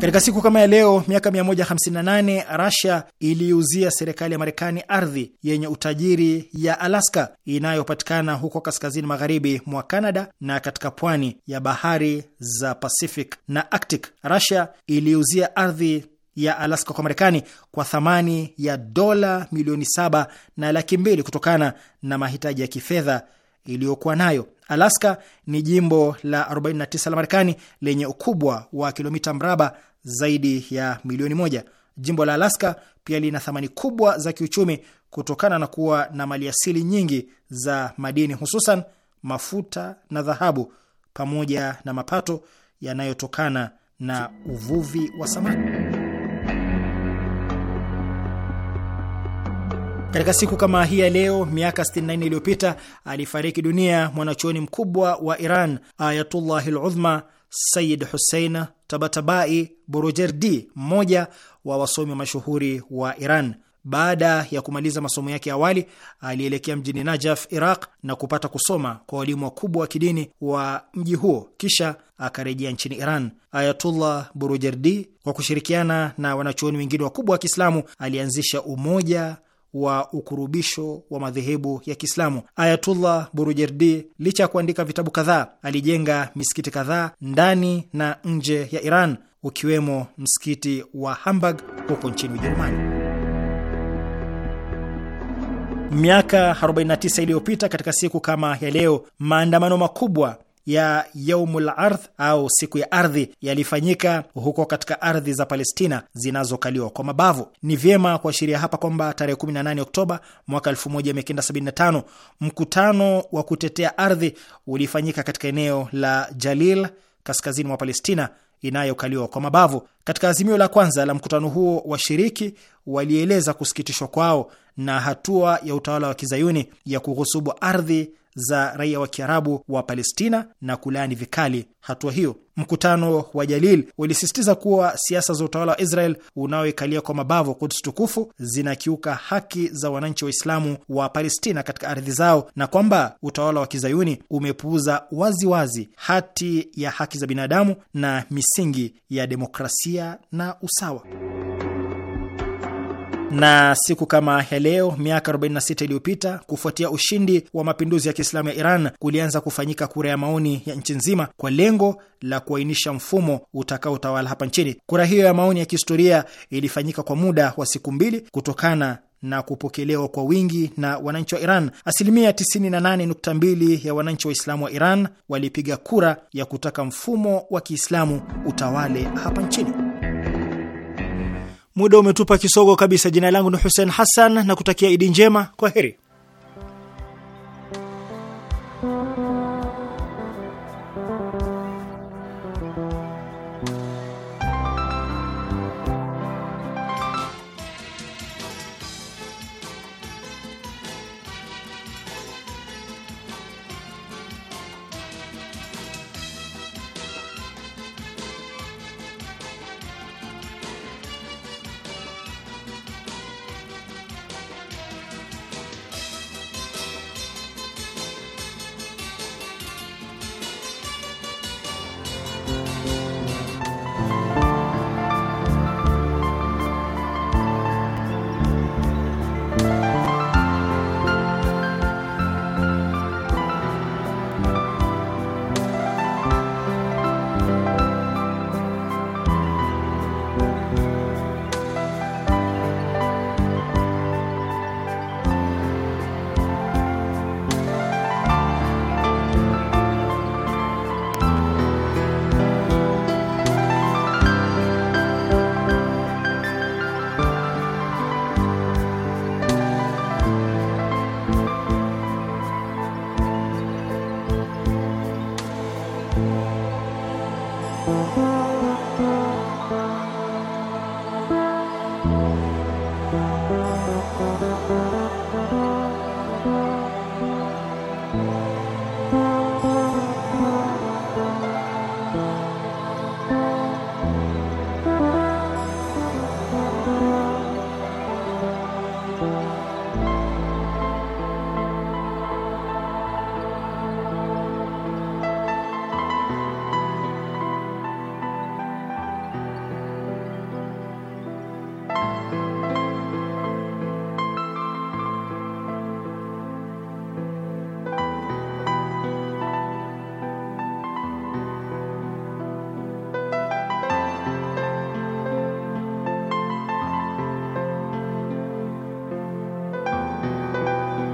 Katika siku kama ya leo miaka 158 Rasia iliuzia serikali ya Marekani ardhi yenye utajiri ya Alaska inayopatikana huko kaskazini magharibi mwa canada na katika pwani ya bahari za Pacific na Arctic. Rasia iliuzia ardhi ya Alaska kwa Marekani kwa thamani ya dola milioni saba na laki mbili kutokana na mahitaji ya kifedha iliyokuwa nayo. Alaska ni jimbo la 49 la Marekani lenye ukubwa wa kilomita mraba zaidi ya milioni moja. Jimbo la Alaska pia lina thamani kubwa za kiuchumi kutokana na kuwa na maliasili nyingi za madini, hususan mafuta na dhahabu, pamoja na mapato yanayotokana na uvuvi wa samaki. Katika siku kama hii ya leo miaka 64 iliyopita alifariki dunia mwanachuoni mkubwa wa Iran Ayatullahi Ludhma Sayid Husein Tabatabai Borujerdi, mmoja wa wasomi mashuhuri wa Iran. Baada ya kumaliza masomo yake awali, alielekea mjini Najaf, Iraq, na kupata kusoma kwa walimu wakubwa wa kidini wa mji huo, kisha akarejea nchini Iran. Ayatullah Burujerdi, kwa kushirikiana na wanachuoni wengine wakubwa wa Kiislamu, alianzisha umoja wa ukurubisho wa madhehebu ya Kiislamu. Ayatullah Burujerdi, licha ya kuandika vitabu kadhaa, alijenga misikiti kadhaa ndani na nje ya Iran, ukiwemo msikiti wa Hamburg huko nchini Ujerumani. Miaka 49 iliyopita katika siku kama ya leo, maandamano makubwa ya yaumul ardh au siku ya ardhi yalifanyika huko katika ardhi za Palestina zinazokaliwa kwa mabavu. Ni vyema kuashiria hapa kwamba tarehe 18 Oktoba mwaka 1975 mkutano wa kutetea ardhi ulifanyika katika eneo la Jalil kaskazini mwa Palestina inayokaliwa kwa mabavu. Katika azimio la kwanza la mkutano huo, washiriki walieleza kusikitishwa kwao na hatua ya utawala wa kizayuni ya kughusubu ardhi za raia wa Kiarabu wa Palestina na kulaani vikali hatua hiyo. Mkutano wa Jalil ulisisitiza kuwa siasa za utawala wa Israel unaoikalia kwa mabavu Kuds tukufu zinakiuka haki za wananchi Waislamu wa Palestina katika ardhi zao na kwamba utawala wa kizayuni umepuuza waziwazi hati ya haki za binadamu na misingi ya demokrasia na usawa na siku kama ya leo miaka 46 iliyopita, kufuatia ushindi wa mapinduzi ya Kiislamu ya Iran, kulianza kufanyika kura ya maoni ya nchi nzima kwa lengo la kuainisha mfumo utakaotawala hapa nchini. Kura hiyo ya maoni ya kihistoria ilifanyika kwa muda wa siku mbili kutokana na kupokelewa kwa wingi na wananchi wa Iran. Asilimia 98.2 ya wananchi Waislamu wa Iran walipiga kura ya kutaka mfumo wa Kiislamu utawale hapa nchini. Muda umetupa kisogo kabisa. Jina langu ni Hussein Hassan na kutakia Idi njema. Kwa heri.